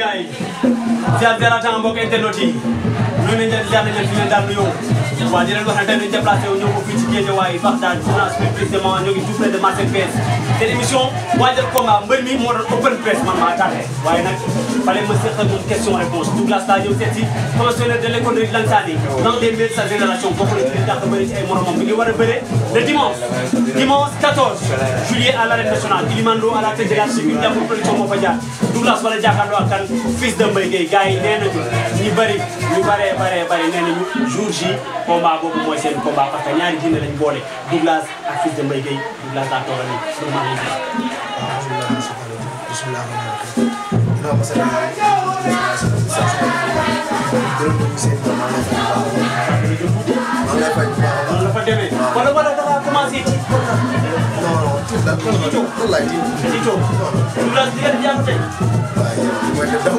guys. Zia zia Zazera tambo kete noti. lu ne leen jaar nañ leen fi ngeen daal nuyoo waaw di leen wax ne tey dañu déplacé wu ñëw ko fii ci Guédiawaye Baxdad France plus précisément ñoo ngi tout près de marché Pes seen émission waajal combat mbër mi moo doon open press man maa tardé waaye nag fallait ma seqal moom question réponse Douglas la ñëw seet si promotionnaire de l'école de Lansane dans les meilleurs de sa génération bokk na ci li dàq bëri ci ay moromam bi ngi war a bëre le dimanche dimanche 14 juillet à l'arène nationale Ilimando à la tête de la chimie Ndiambour production moo fa jaar Douglas wala jàkkaarloo ak kan fils de Mbaye Gueye gars yi nee nañu ñu bëri ñu bëree bare bare nee nañu jour J combat boobu mooy seen combat parce que ñaari jinne lañ boole Douglas ak fils de Mbaye Gueye Douglas daa toogal nii sëñ Mbaye Gueye. waaw alhamdulilah bisimilah.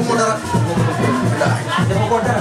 waaw waaw waaw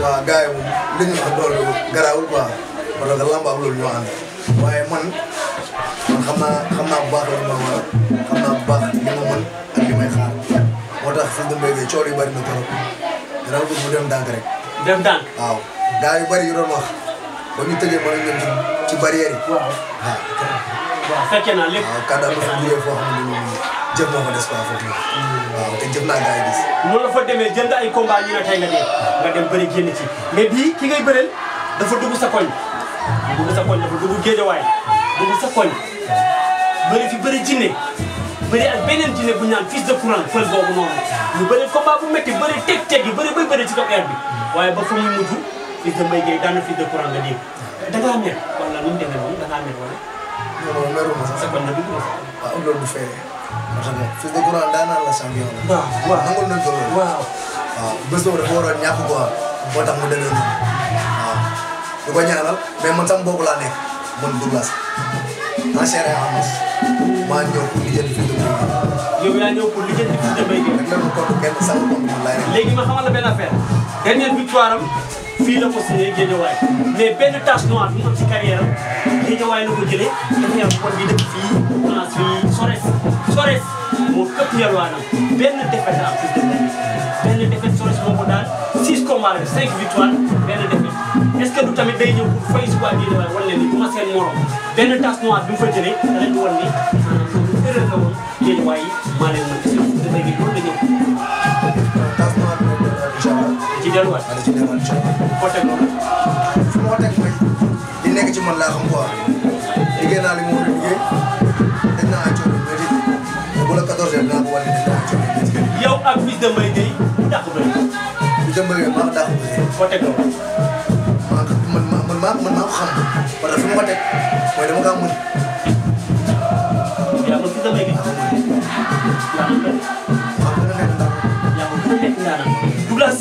waaw gars yi moom li ñu wax loolu garaawul quoi parce que làmb ak loolu ñoo ànd waaye man man xam naa xam naa bu baax la ma war xam naa bu baax li ma mën a li may xaar moo tax Fils de Mbaye Gueye coow yu bëri na trop dara bëgg mu dem waaw gars yu bëri yu ba ñu tëjee mën a ñëw ci ci barrière yi. waaw waaw fekkee naa lépp waaw kàddaa ba jëm moo fa des quoi foofu waaw te jëm naa ngaay gis. noonu la fa demee jënd ay combat yi la tey nga dee nga dem bëri génn ci mais bii ki ngay bëreel dafa dugg sa koñ dugg sa koñ dafa dugg géej waay dugg sa koñ bëri fi bëri jinne bëri ak beneen jinne bu ñaan fils de courant fël boobu noonu ñu bëri combat bu métti bëri teg teg yi bëri bay bëri ci kaw air bi waaye ba fa muy mujj fils de mbay gay daan fils de courant nga dégg da ngaa mer wala nu mu demee noonu da ngaa mer wala. non non meruma sax sa koñ la dugg na fa. waaw loolu du fee fils de courant daanaan la champion la. waaw waaw nangul nañ ko loolu. waaw waaw bés boobu dafa waroon ñàkk quoi moo tax mu demee noonu waaw. du ko ñaanal mais man sama bopp laa nekk man Douglas en chair et en os maa ñëw pour lijjanti fils de courant. yow yaa ñëw pour lijjanti fils de béykat. rek la ñu ko dernière victoire am fii la ko mais benn tache noire bu mu carrière am Guédiawaye la ko jëlee daf ñaar kon di dëkk fii France fii Sorès. Sores moo këpp yalwaanam benn défaite am plus de benn défaite Sores moo ko daan 6 combats 5 victoires benn défaite. est-ce que du tamit day ñëw pour fay suba bii dafay wan leen ni bu ma seen morom benn tasse noire bi mu fa jëlee danañ wan ni ah, erreur la woon yéen waaye maa leen mën a gis léegi loolu la ñëw. tasse noire bi moom ci delluwaat ci delluwaat incha allah koo teg noonu. fu ma ko teg mooy li nekk ci man laa xam quoi liggéey naa li mu Demba Gueye dàq bëri. Demba Gueye maa ko dàq bëri. foo teg loolu. maa ko man man maa man maa ko xam. wala fi ma ko teg mooy dama kaa mën. yaa ngi ko gis Demba Gueye. yaa ngi ko gis. Douglas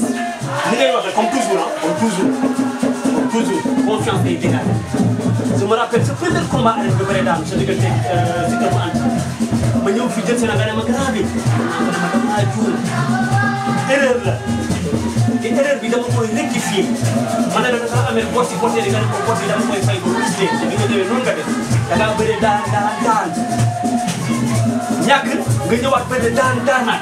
ni ngay waxee comme toujours ah comme toujours comme toujours confiance day dégager. je me rappelle sa premier combat arène bi bëre daal sa diggante si kër bu ma ñëw fi jël si la nga ne ma grand bi ah, damaa juum erreur la te erreur bi dama koy rectifier ma ne la dafa amee bor si bor yi nga ne ko bor bi dama koy fay ko tuuti da nga ñëwee noonu nga def da ngaa bëri daan daan daan ñàkk nga ñëwaat bëri daan daanaat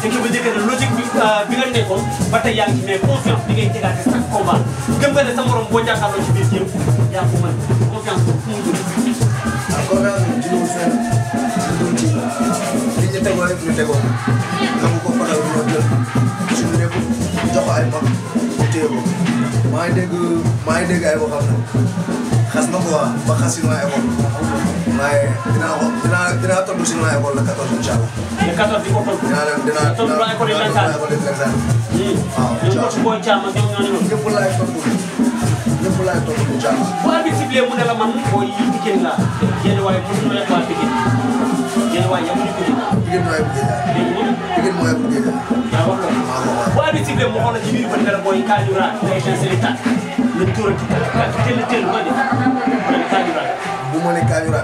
te ki ba njëkk na logique bi euh, bi nga nekkoon ba tey yaa ngi ci mais confiance bi ngay tegaate sax combat gëm nga ne sa morom boo jàkkaarloo ci biir yëpp yaa ko mën confiance boobu fu mu programme bi juddoo fenn juddoo ci li ñu tegoo rek ñu tegoo nangu ko faral di ñoo jël suñu nekk jox ko ay mag ñu téye ko maa ngi dégg maa ngi dégg ay waxam nag xas na ko waa ba xas si ma école waaye dinaa ko dinaa dinaa toll si ma école la 14 incha allah. le 14 di ko toll. dinaa leen dinaa toll ma école yi 25 waaw incha allah ñëpp laay toll ñëpp laay topp di jàng. bu arbitre bi sifflé mu ne la man mooy yi Pikine laa yéen waaye mosuñu rek waa Pikine yéen waaye yamuñu Pikine. Pikine mooy bu Géejawaay. dégg nga Pikine mooy bu Géejawaay. yaa wax ko. maa ko wax bu arbitre sifflé mu xool la ci biir bët dara mooy Kadioura day chancé li tàkk la tóor ak teel a teel ma ne Kadioura. bu ma ne Kadioura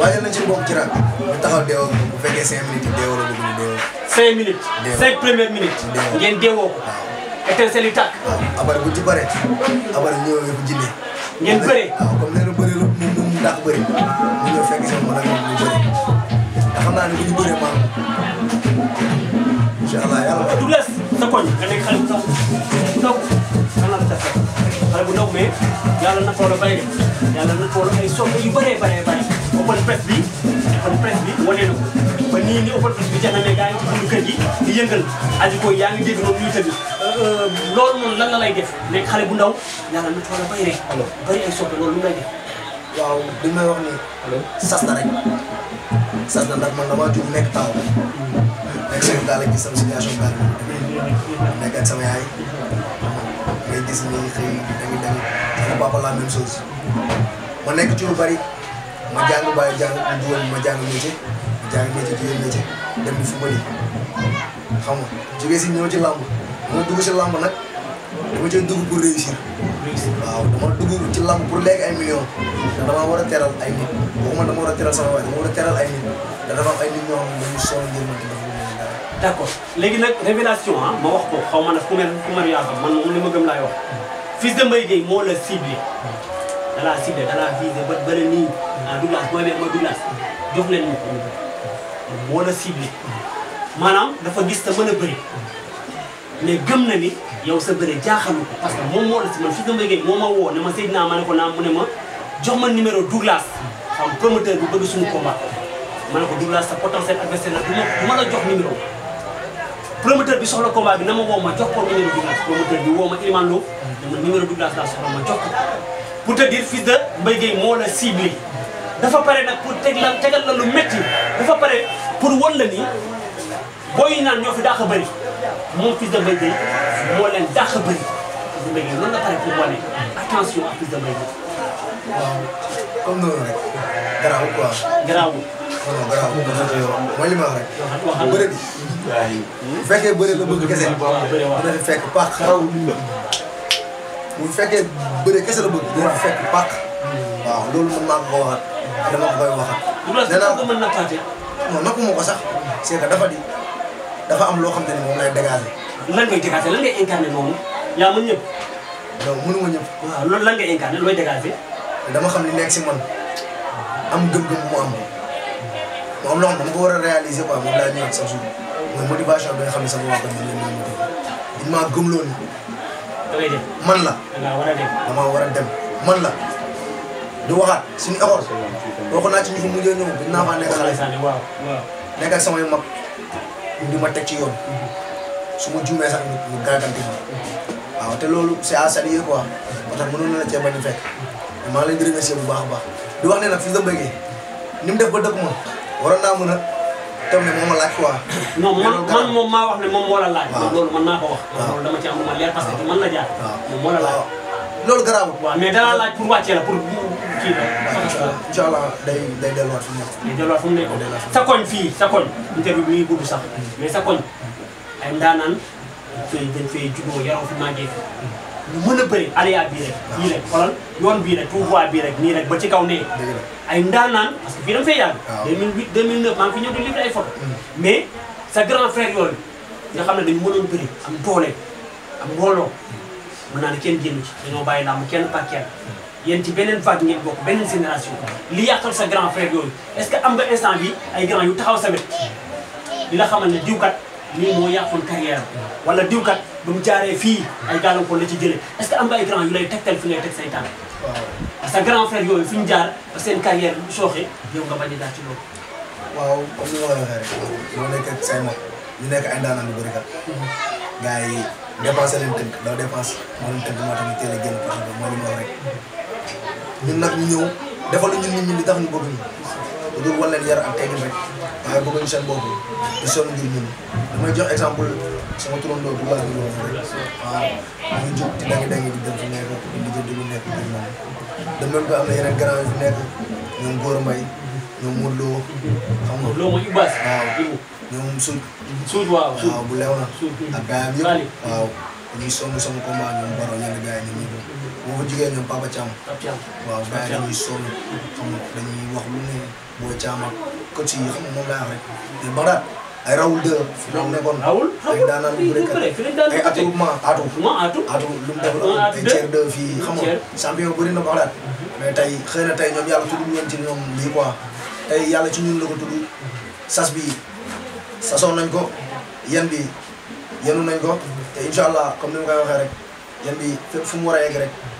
waaye nañ ci bokk ci raat ñu taxaw deewoo bu fekkee cinq minutes deewoo la bëgg ñu deewoo. cinq minutes. deewoo cinq premières minutes. deewoo ngeen deewoo ko. étincelle yi tàkk. waaw abar bu ci bëree abar ñëw yëpp jinne. ngeen bëree waaw comme nee na bëri la moom moom ndax bëri mu ñëw fekk seen mën a moom ñu bëri te xam naa ne bu ñu bëree maam incha allah yàlla. Douglas sa koñ nga nekk xale bu sax bu ndaw xanaa sa xale bu ndaw mais yàlla na tool a bëri de yàlla na tool ay soppe yu bëree bëree bëri open press bi open press bi wane na ko ba nii ni open press bi jeex na mais gars yi ci kër gi di yëngal aji ko yaa ngi dégg moom ñuy tëdd Euh, loolu noonu lan la lay def léegi xale bu ndaw yàlla lu ci war a bay rek. bari ay soppe loolu lu lay def. waaw li may wax nii. sas na rek sas na ndax man damaa jur nekk taw. nekk seen daal gis sama situation bari nekk ak sama yaay. ngay gis ni xëy dañuy dem sama papa la même chose. ma nekk ci lu bari ma jàng bàyyi jàng juróom ma jàng métier ma jàng métier jigéen métier dem di football yi xam nga jógee si ñëw ci làmb. dama dugg si làmb nag dama ci làmb pour lekk ay million ndax damaa war a teral ay nit waxuma dama war a teral sama waay dama war a teral ay nit da dafa am ay nit ñoo xam ne dañuy sonn ngir mën di léegi nag révélation ah, ma wax ko xaw ma nag ku mel ku mel man moom li ma gëm laay wax. Fils de Mbaye Guèye moo la ciblé. da laa ba bële nii ah Douglas la ciblé dafa gis te a bëri. mais gëm na ni yow sa bëre jaaxalu parce que moom moo la si woo ne ma Seydina ma ne ko naam bëgg suñu combat ma ko Douglas sa potentiel adversaire la bi soxla combat bi na woo ma jox ko numéro Douglas promoteur bi ma Iliman Lo dama numéro dafa pare nag pour teg la tegal la lu métti dafa pare pour won la ni booy naan ñoo fi daax a bëri moom Fils de Mbaye Guèye moo leen dàq bëri Fils de bi. bu fekkee bëre la bëgg kese. dina fi fekk pàq. bu fekkee bëre kese la bëgg dina fi fekk pàq. Hmm. waaw loolu mën naa ko waxat moo ko sax c'est que dafa di. dafa am loo xam te ne moom lay dégager. lan ngay dégager moom ngay incarné moomu yaa mën ñëpp. donc mënuma ñëpp. waaw loolu lan ngay incarné looy dégager. xam li nekk si man am gëm bu mu am mu am loo ko war a réaliser quoi laa ñëwaat sa jour mooy bi xam ne sama waa ko ñu leen man la. dangaa war a dem damaa war a dem man la. di suñu école. waxoon naa ci ñu fi mujjee ñëw bi naa faa nekk xale. nekk ak samay mag. ñu ma teg ci yoon su ma juumee sax ñu gàggante ma waaw te loolu c'est à saluer quoi parce que mënoon na la cee bañ a fekk maa ngi leen di remercier bu baax a baax di wax ne nag fils de Mbaye Guèye ni mu def ba dëkk ma waroon naa mën a tam ne moom ma laaj quoi non man man moom maa wax ne moo la laaj loolu mën naa ko wax loolu dama ci am lu ma leer parce que man la jaar moom moo la laaj loolu garaawul waaw mais dalaa laaj pour wàccee la pour kii bi. incha allah day day mu nekkoon sa koñ fii sa koñ. interview ngi gudd sax. mais sa koñ ay ndaanaan dañ fay dañ fay juddoo yaroo fi màggee fi. mën a bëri aliya bii rek. waaw bii rek xoolal yoon bii rek tout voie bii rek nii rek ba ci kaw nee. ay ndaanaan parce que fii dama fay yàgg. waaw 2008 2009 maa mm. mais sa grand frère yooyu xam ne dañu mënoon bëri am doole am mbooloo mën naa ne kenn génn ci dañoo bàyyi làmb kenn par yéen ci beneen vague ngeen bok benen génération li yakal sa grand frère yoy est-ce que am nga instant bi ay grand yu taxaw sa met di la xamal ne kat, ni mo yàqoon carrière wala kat bu mu jaaree fi ay ko la ci jëlee est-ce que am nga ay grand yu lay tektal fi ngay tek say tan sa grand frère yoy fi ñu jaar ba sen carrière bu soxé yow nga bañi a ci lo waaw ko ni ma la mo nekk ak say mag ñu nekk ay ndana yu bari kat mhm. gaay dépenser len teunk do dépenser mo len teunk mo tamit tax a jël parce mo rek ñun nag ñu ñëw defal ñun nit ñi li tax ñu bëgg ñu te dul wan leen yar ak teggin rek waaye bëgguñu seen bopp di sonn ngir ñun damay jox exemple sama turandoo bu baax di loolu rek ñu jóg di dangi dangi di dem fu nekk di lijjënd lu nekk di moom de am na yeneen grand yu fi nekk ñoom Gora Mbaye ñoom Modou Lo xam nga Lo mooy Ibaas waaw ñoom suuj suuj waaw bu leew na ak gaayam yëpp waaw ñuy songu sama combat ñoom Baro ñenn gars yi ñoom ñëpp. boo fa jugee ñoom Papa Thiam. waaw gars yi dañuy sonn xam nga dañuy wax lu ne boo Thiam ak coach yi xam moom laa rek te Baraat ay rawul dë fi mu nekkoon ay atu ma atu atu lu mu def ay ceer dë fii xam na Baraat mhm. mais tey xëy na ñoom yàlla tudd ngeen ci ñoom lii quoi tey yàlla ci ñun la ko tudd mhm. sas bi sasoon nañ ko yan bi yenu nañ ko te incha allah comme ni ma koy waxee rek yan bi fépp fu mu war a yegg rek